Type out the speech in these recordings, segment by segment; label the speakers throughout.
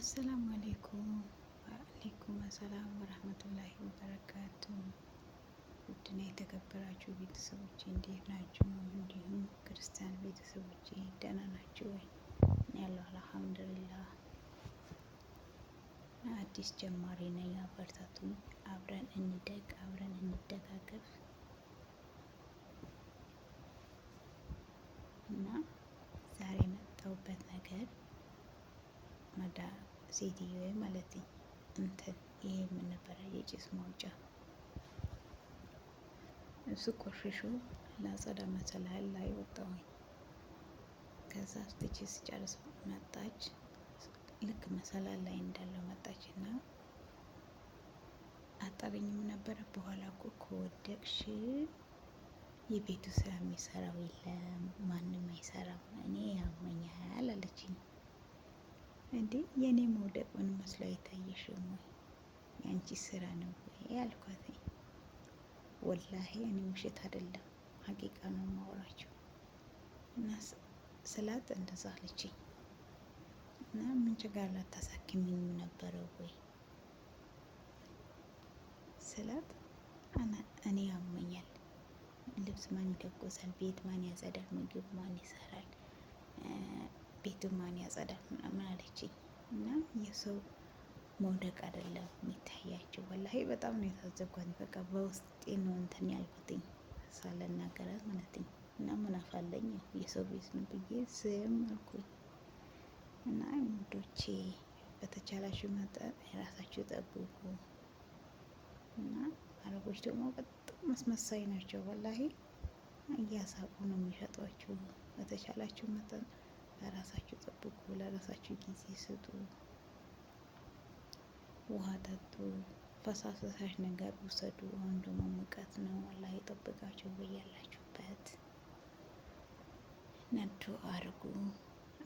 Speaker 1: አሰላሙ አሌይኩም ወአሌይኩም አሰላም ወረህመቱላሂ ወበረካቱ። ውድና የተከበራችሁ ቤተሰቦች እንዴት ናችሁ? እንዲሁም ክርስቲያን ቤተሰቦች ደህና ናችሁ ወይ? ያለው አልሐምዱሊላህ። አዲስ ጀማሪ ነኝ፣ አበርታቱኝ። አብረን እንደግ፣ አብረን እንደጋገፍ እና ዛሬ የመጣሁበት ነገር ሴትዮ ማለት እንትን ይሄ ምን ነበረ? የጭስ ማውጫ እሱ ቆሽሾ ላጸዳ መሰላል ላይ ወጣሁኝ። ከዛ አስጥቼ ስጨርስ መጣች። ልክ መሰላል ላይ እንዳለው መጣች እና አጠረኝም ነበረ። በኋላ እኮ ከወደቅሽ የቤቱ ስራ የሚሰራው የለም፣ ማንም አይሰራም፣ እኔ ያመኛል አለችኝ። እንዴ የኔ መውደቁን መስሎ አይታየሽም ወይ? የአንቺ ስራ ነው ወይ አልኳት። ወላሂ እኔ ውሸት አይደለም ሀቂቃ ነው ማውራቸው እና ስላት እንደዛ አለችኝ። እና ምን ችግር ላታሳክሚኝ ነበረው ወይ ስላት እኔ ያመኛል፣ ልብስ ማን ይደጎሳል? ቤት ማን ያጸዳል፣ ምግብ ማን ይሰራል ግድብ ማን ያጸዳል ምናምን አለችኝ። እና የሰው መውደቅ አይደለም የሚታያቸው ወላሂ በጣም ነው የታዘብኳት። በቃ በውስጤ ነው እንትን ያልኩትኝ ሳልናገራት ማለት ነው። እና ምን አፋለኝ የሰው ቤት ነው ብዬ ዝም አልኩኝ። እና ውዶቼ በተቻላችሁ መጠን የራሳችሁ ጠብቁ። እና አረቦች ደግሞ በጣም አስመሳይ ናቸው። ወላሂ እያሳቁ ነው የሚሸጧችሁ። በተቻላችሁ መጠን ለራሳችሁ ጠብቁ፣ ለራሳችሁ ጊዜ ስጡ፣ ውሃ ጠጡ፣ ፈሳሽ ነገር ውሰዱ። አሁን ደግሞ ሙቀት ነው። አላህ ይጠብቃችሁ በያላችሁበት ነዱ አርጉ።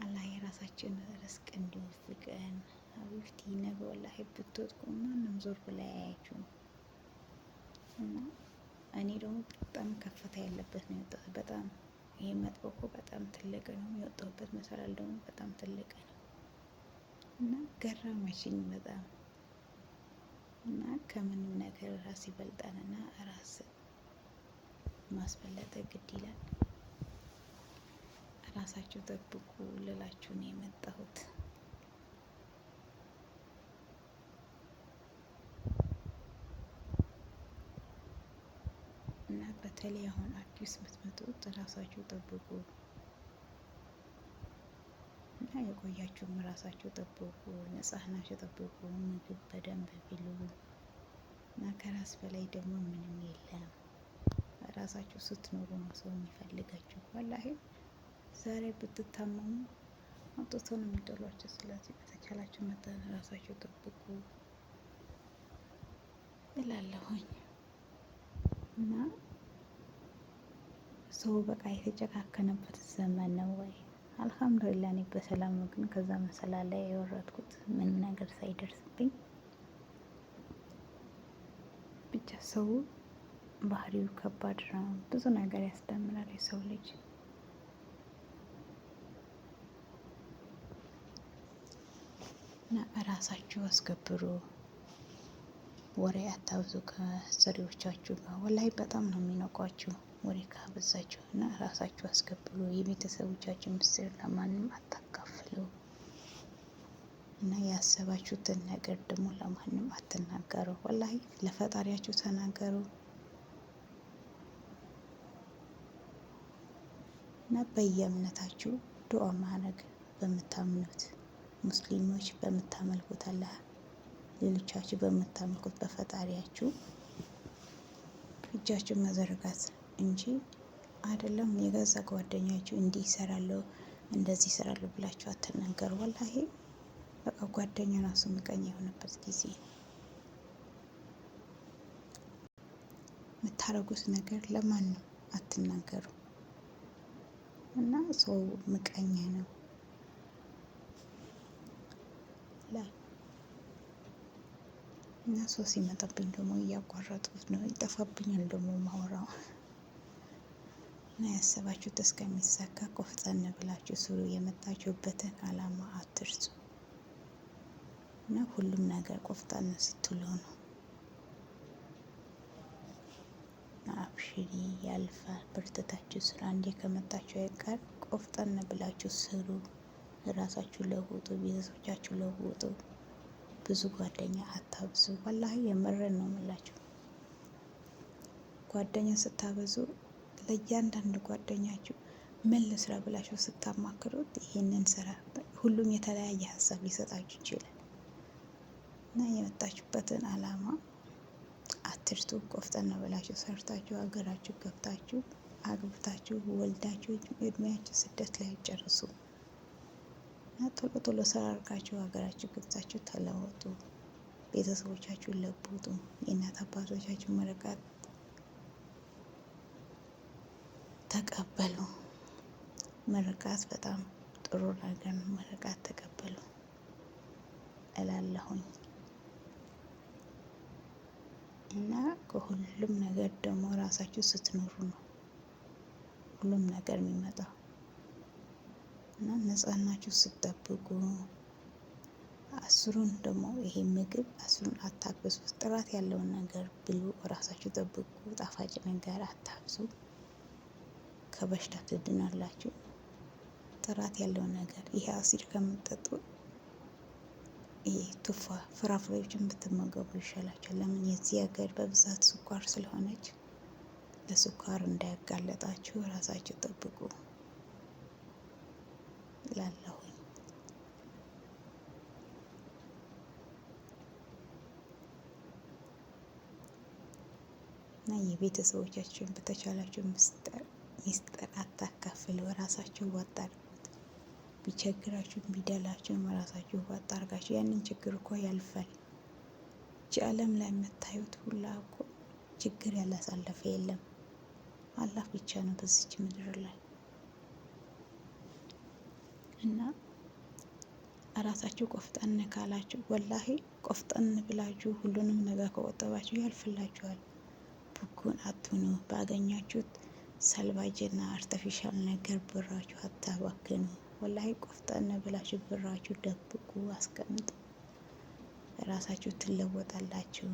Speaker 1: አላህ የራሳችን ርስቅ እንዲወፍቀን አብፍቲ ነገ ወላሂ ብትወጥቁ ማንም ዞር ብላ ያያችሁ እና እኔ ደግሞ በጣም ከፍታ ያለበት ነው። በጣም ይሄ እኮ በጣም ትልቅ ነው። የወጣሁበት መሰላል ደግሞ በጣም ትልቅ ነው እና ገረመችኝ በጣም እና ከምንም ነገር ራስ ይበልጣል እና ራስ ማስበለጠ ግድ ይላል። ራሳችሁ ጠብቁ ልላችሁ ነው የመጣሁት። በተለይ አሁን አዲስ የምትመጡት እራሳቸው ጠብቁ እና የቆያችሁም ራሳችሁ ጠብቁ፣ ንጽህናችሁ ጠብቁ፣ ምግብ በደንብ ብሉ እና ከራስ በላይ ደግሞ ምንም የለም። ራሳቸው ስትኖሩ ነው ሰው የሚፈልጋችሁ። ወላሂ ዛሬ ብትታመሙ አውጥቶ ነው የሚጠሏቸው። ስለዚህ በተቻላችሁ መጠን ራሳችሁ ጠብቁ እላለሁኝ እና ሰው በቃ የተጨካከነበት ዘመን ነው ወይ? አልሐምዱሊላ እኔ በሰላም ነው። ግን ከዛ መሰላ ላይ የወረድኩት ምንም ነገር ሳይደርስብኝ ብቻ። ሰው ባህሪው ከባድ ነው። ብዙ ነገር ያስተምራል የሰው ልጅ እና ራሳችሁ አስገብሩ። ወሬ አታብዙ ከሰሪዎቻችሁ ጋር። ወላይ በጣም ነው የሚነቋችሁ። ወሬ ካበዛችሁ እና ራሳችሁ አስገብሉ። የቤተሰቦቻችሁ ምስጢር ለማንም አታካፍሉ እና ያሰባችሁትን ነገር ደግሞ ለማንም አትናገሩ። ወላሂ ለፈጣሪያችሁ ተናገሩ እና በየእምነታችሁ ድዋ ማድረግ በምታምኑት ሙስሊሞች በምታመልኩት አላህ ሌሎቻችሁ በምታመልኩት በፈጣሪያችሁ እጃችሁን መዘርጋት እንጂ አይደለም የገዛ ጓደኛችሁ እንዲህ እሰራለሁ እንደዚህ እሰራለሁ ብላችሁ አትናገሩ። ወላሂ በቃ ጓደኛ ራሱ ምቀኛ የሆነበት ጊዜ የምታረጉት ነገር ለማን ነው አትናገሩ እና ሰው ምቀኛ ነው። እና ሰው ሲመጣብኝ ደግሞ እያቋረጡት ነው። ይጠፋብኛል ደግሞ ማውራው እና ያሰባችሁት እስከሚሳካ ቆፍጠን ብላችሁ ስሩ። የመጣችሁበትን አላማ አትርሱ እና ሁሉም ነገር ቆፍጠን ስትሉ ነው። አብሽሪ፣ ያልፋል። ብርትታችሁ ስራ። አንዴ ከመጣችሁ አይቀር ቆፍጠን ብላችሁ ስሩ። ራሳችሁ ለውጡ፣ ቤተሰቦቻችሁ ለውጡ። ብዙ ጓደኛ አታብዙ። ወላሂ የምር ነው የምላችሁ። ጓደኛ ስታበዙ ለእያንዳንዱ ጓደኛችሁ ምን ልስራ ብላችሁ ስታማክሩት ይህንን ስራ ሁሉም የተለያየ ሀሳብ ሊሰጣችሁ ይችላል እና የመጣችሁበትን አላማ አትርቱ። ቆፍጠን ነው ብላችሁ ሰርታችሁ ሀገራችሁ ገብታችሁ አግብታችሁ ወልዳችሁ እድሜያችሁ ስደት ላይ ጨርሱ እና ቶሎ ቶሎ ስራ አድርጋችሁ ሀገራችሁ ገብታችሁ ተለወጡ። ቤተሰቦቻችሁን ለውጡ። የእናት አባቶቻችሁ ምርቃት ተቀበሉ። ምርቃት በጣም ጥሩ ነገር ነው። ምርቃት ተቀበሉ እላለሁኝ እና ከሁሉም ነገር ደግሞ ራሳችሁ ስትኖሩ ነው ሁሉም ነገር የሚመጣው እና ነጻናችሁ ስትጠብቁ አስሩን ደግሞ ይሄ ምግብ አስሩን አታብሱ። ጥራት ያለውን ነገር ብሉ፣ ራሳችሁ ጠብቁ። ጣፋጭ ነገር አታብሱ። ከበሽታ ትድናላችሁ። ጥራት ያለው ነገር ይሄ አሲድ ከምትጠጡ ይህ ቱፋ ፍራፍሬዎችን ብትመገቡ ይሻላቸው። ለምን የዚህ ሀገር በብዛት ስኳር ስለሆነች ለስኳር እንዳያጋለጣችሁ ራሳችሁ ጠብቁ ላለሁ እና የቤተሰቦቻችሁን በተቻላችሁ ምስጠር ሚስጥር አታካፍለው። ራሳችሁ ዋጥ አድርጉት። ቢቸግራችሁ ቢደላችሁም ራሳችሁ ዋጥ አድርጋችሁ ያንን ችግር እኮ ያልፋል። እቺ ዓለም ላይ የምታዩት ሁላ እኮ ችግር ያላሳለፈ የለም። አላህ ብቻ ነው በዚች ምድር ላይ እና እራሳቸው ቆፍጠን ካላችሁ ወላሂ ቆፍጠን ብላችሁ ሁሉንም ነገር ከቆጠባችሁ ያልፍላችኋል። ብጉን አትሁኑ። ባገኛችሁት ሰልባጅና አርተፊሻል ነገር ብራችሁ አታባክኑ። ወላሂ ቆፍጠን ብላችሁ ብራችሁ ደብቁ፣ አስቀምጡ። ራሳችሁ ትለወጣላችሁ።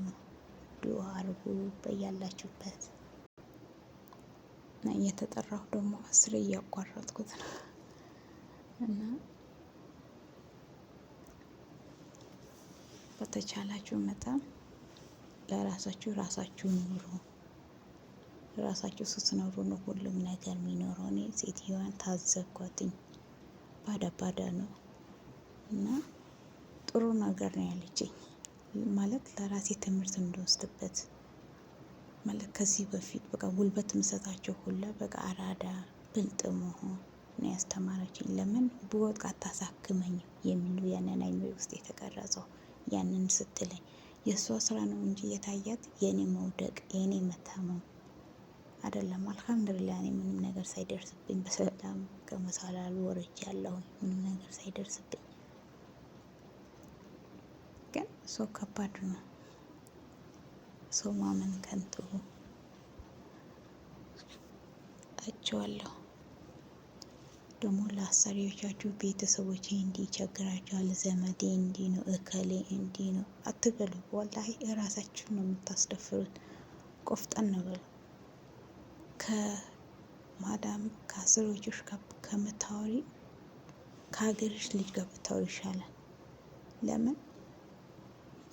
Speaker 1: ዱአ አርጉ በያላችሁበት። እና እየተጠራሁ ደግሞ አስር እያቋረጥኩት ነው እና በተቻላችሁ መጠን ለራሳችሁ ራሳችሁ ኑሩ። ራሳቸው ስትኖሩ ነው ሁሉም ነገር የሚኖረው። እኔ ሴትዮዋን ታዘብኳትኝ። ባዳ ባዳ ነው እና ጥሩ ነገር ነው ያለችኝ ማለት ለራሴ ትምህርት እንደወስድበት ማለት ከዚህ በፊት በቃ ጉልበት ምሰጣቸው ሁላ በቃ አራዳ ብልጥ መሆን ነው ያስተማረችኝ። ለምን ብወድቅ አታሳክመኝ የሚሉ ያንን አይምሮ ውስጥ የተቀረጸው ያንን ስትለኝ የእሷ ስራ ነው እንጂ የታያት የእኔ መውደቅ የእኔ መታመም አይደለም። አልሐምዱሊላህ፣ እኔ ምንም ነገር ሳይደርስብኝ በሰላም ከመሳላሉ ወርጅ ያለሁ ምንም ነገር ሳይደርስብኝ። ግን ሰው ከባድ ነው። ሰው ማመን ከንቱ አቸዋለሁ። ደግሞ ለአሰሪዎቻችሁ ቤተሰቦች እንዲህ ይቸግራቸዋል፣ ዘመዴ እንዲህ ነው፣ እከሌ እንዲ ነው አትበሉ። ወላሂ እራሳችሁን ነው የምታስደፍሩት። ቆፍጠን በሉ። ከማዳም ከአስር ጋር ከምታወሪ ከሀገርሽ ልጅ ጋር ብታወሪ ይሻላል። ለምን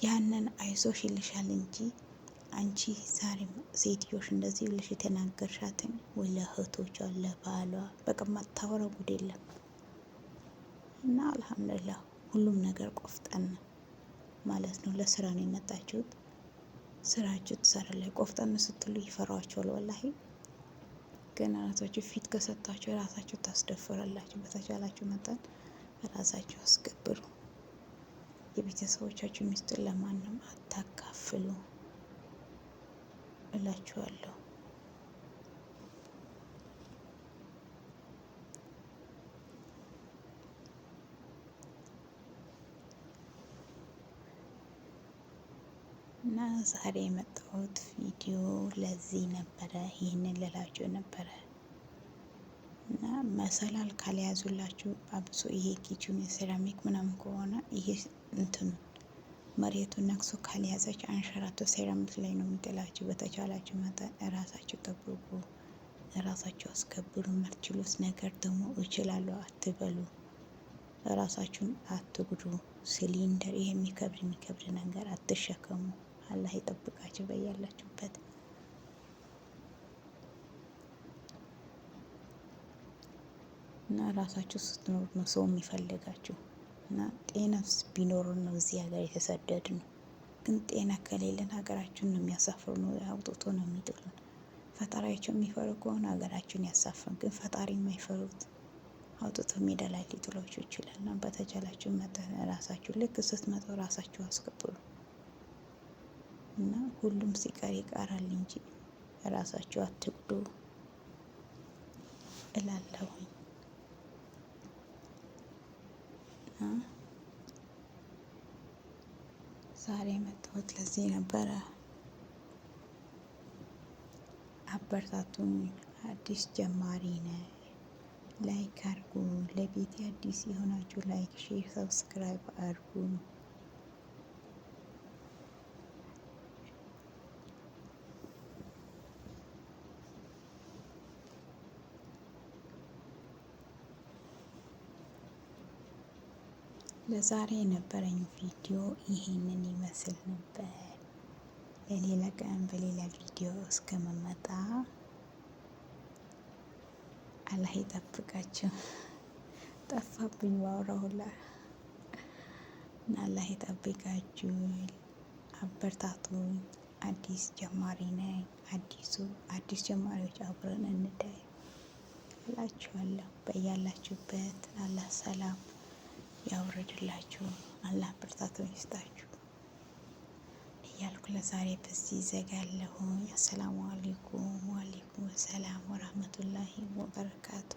Speaker 1: ያንን አይዞሽ ይልሻል እንጂ አንቺ ዛሬም ሴትዮሽ እንደዚህ ብለሽ የተናገርሻትን ወይ ለእህቶቿ ለባሏ በቃ ማታወራ ጉድ የለም እና አልሐምዱሊላህ ሁሉም ነገር ቆፍጠን ማለት ነው። ለስራ ነው የመጣችሁት፣ ስራችሁ ትሰራላችሁ። ቆፍጠን ስትሉ ይፈራዋቸዋል ወላሂ ግን ራሳችሁ ፊት ከሰጣችሁ ራሳችሁ ታስደፍራላችሁ። በተቻላችሁ መጠን ራሳችሁ አስገብሩ የቤተሰቦቻችሁ ሚስጥር ለማንም አታካፍሉ እላችኋለሁ። እና ዛሬ የመጣሁት ቪዲዮ ለዚህ ነበረ። ይህንን ልላችሁ ነበረ እና መሰላል ካልያዙላችሁ አብሶ ይሄ ኪችን ሴራሚክ ምናምን ከሆነ ይሄ እንትኑ መሬቱን ነክሶ ካልያዘች አንሸራቶ ሴራሚክ ላይ ነው የሚጥላችሁ። በተቻላችሁ መጠን እራሳችሁ ጠብቁ፣ እራሳችሁ አስከብሩ። መርችሉት ነገር ደግሞ እችላለሁ አትበሉ፣ እራሳችሁን አትጉዱ። ሲሊንደር ይሄ የሚከብድ የሚከብድ ነገር አትሸከሙ። አላህ ይጠብቃችሁ በያላችሁበት። እና ራሳችሁ ስትኖሩ ነው ሰው የሚፈልጋችሁ። እና ጤና ቢኖር ነው እዚህ ሀገር የተሰደድ ነው። ግን ጤና ከሌለን ሀገራችሁን ነው የሚያሳፍሩ ነው አውጥቶ ነው የሚጥሉን። ፈጣሪያቸው የሚፈሩ ከሆነ ሀገራችሁን ያሳፍሩ። ግን ፈጣሪ የማይፈሩት አውጥቶ ሜዳ ላይ ሊጥሏችሁ ይችላል። እና በተቻላችሁ መጠን ራሳችሁ ልክ ስትመጡ ራሳችሁ አስከብሩ። እና ሁሉም ሲቀር ይቀራል እንጂ ራሳችሁ አትጉዱ እላለሁኝ። ዛሬ መጣሁት ለዚህ ነበረ። አበርታቱኝ። አዲስ ጀማሪ ነኝ። ላይክ አርጉ። ለቤቴ አዲስ የሆናችሁ ላይክ፣ ሼር፣ ሰብስክራይብ አርጉ። ለዛሬ የነበረኝ ቪዲዮ ይሄንን ይመስል ነበር። ለሌላ ቀን በሌላ ቪዲዮ እስከመመጣ አላህ ይጠብቃችሁ። ጠፋብኝ ባውራ ሁላ እና አላህ ይጠብቃችሁ። አበርታቱኝ። አዲስ ጀማሪ ነኝ። አዲሱ አዲስ ጀማሪዎች አብረን እንዳይ እላችኋለሁ። በያላችሁበት አላህ ሰላም ያውርድላችሁ፣ አላህ ብርታቱን ይስጣችሁ እያልኩ ለዛሬ በዚህ ይዘጋለሁ። አሰላሙ አለይኩም ወአለይኩም ሰላም ወራህመቱላሂ ወበረካቱ።